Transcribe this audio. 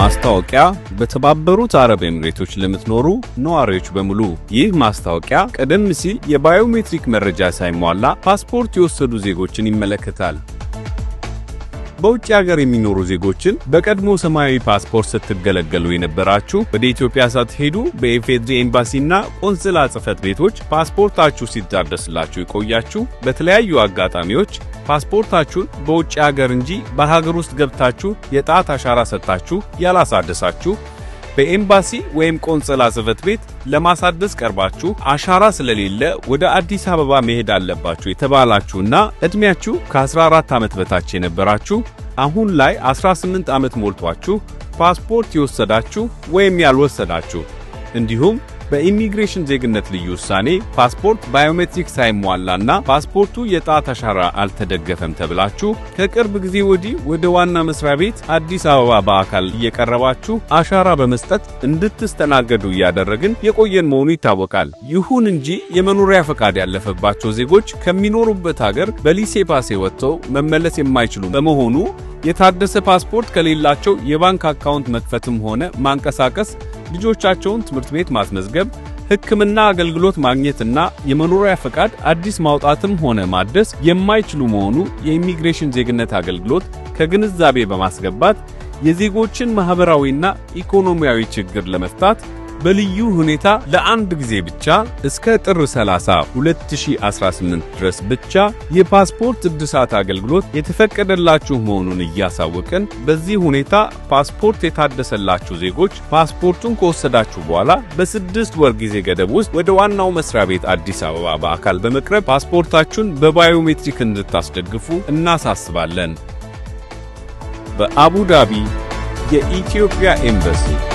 ማስታወቂያ በተባበሩት አረብ ኤምሬቶች ለምትኖሩ ነዋሪዎች በሙሉ ይህ ማስታወቂያ ቀደም ሲል የባዮሜትሪክ መረጃ ሳይሟላ ፓስፖርት የወሰዱ ዜጎችን ይመለከታል። በውጭ ሀገር የሚኖሩ ዜጎችን በቀድሞ ሰማያዊ ፓስፖርት ስትገለገሉ የነበራችሁ ወደ ኢትዮጵያ ሳትሄዱ በኢፌዴሪ ኤምባሲና ቆንስላ ጽህፈት ቤቶች ፓስፖርታችሁ ሲታደስላችሁ የቆያችሁ በተለያዩ አጋጣሚዎች ፓስፖርታችሁን በውጭ አገር እንጂ በሀገር ውስጥ ገብታችሁ የጣት አሻራ ሰጥታችሁ ያላሳደሳችሁ በኤምባሲ ወይም ቆንጽላ ጽፈት ቤት ለማሳደስ ቀርባችሁ አሻራ ስለሌለ ወደ አዲስ አበባ መሄድ አለባችሁ የተባላችሁና ዕድሜያችሁ ከ14 ዓመት በታች የነበራችሁ አሁን ላይ 18 ዓመት ሞልቷችሁ ፓስፖርት የወሰዳችሁ ወይም ያልወሰዳችሁ እንዲሁም በኢሚግሬሽን ዜግነት ልዩ ውሳኔ ፓስፖርት ባዮሜትሪክ ሳይሟላና ፓስፖርቱ የጣት አሻራ አልተደገፈም ተብላችሁ ከቅርብ ጊዜ ወዲህ ወደ ዋና መስሪያ ቤት አዲስ አበባ በአካል እየቀረባችሁ አሻራ በመስጠት እንድትስተናገዱ እያደረግን የቆየን መሆኑ ይታወቃል። ይሁን እንጂ የመኖሪያ ፈቃድ ያለፈባቸው ዜጎች ከሚኖሩበት ሀገር በሊሴ ፓሴ ወጥተው መመለስ የማይችሉ በመሆኑ የታደሰ ፓስፖርት ከሌላቸው የባንክ አካውንት መክፈትም ሆነ ማንቀሳቀስ ልጆቻቸውን ትምህርት ቤት ማስመዝገብ፣ ሕክምና አገልግሎት ማግኘትና የመኖሪያ ፈቃድ አዲስ ማውጣትም ሆነ ማደስ የማይችሉ መሆኑ የኢሚግሬሽን ዜግነት አገልግሎት ከግንዛቤ በማስገባት የዜጎችን ማኅበራዊና ኢኮኖሚያዊ ችግር ለመፍታት በልዩ ሁኔታ ለአንድ ጊዜ ብቻ እስከ ጥር 30 2018 ድረስ ብቻ የፓስፖርት እድሳት አገልግሎት የተፈቀደላችሁ መሆኑን እያሳወቅን፣ በዚህ ሁኔታ ፓስፖርት የታደሰላችሁ ዜጎች ፓስፖርቱን ከወሰዳችሁ በኋላ በስድስት ወር ጊዜ ገደብ ውስጥ ወደ ዋናው መስሪያ ቤት አዲስ አበባ በአካል በመቅረብ ፓስፖርታችሁን በባዮሜትሪክ እንድታስደግፉ እናሳስባለን። በአቡ ዳቢ የኢትዮጵያ ኤምባሲ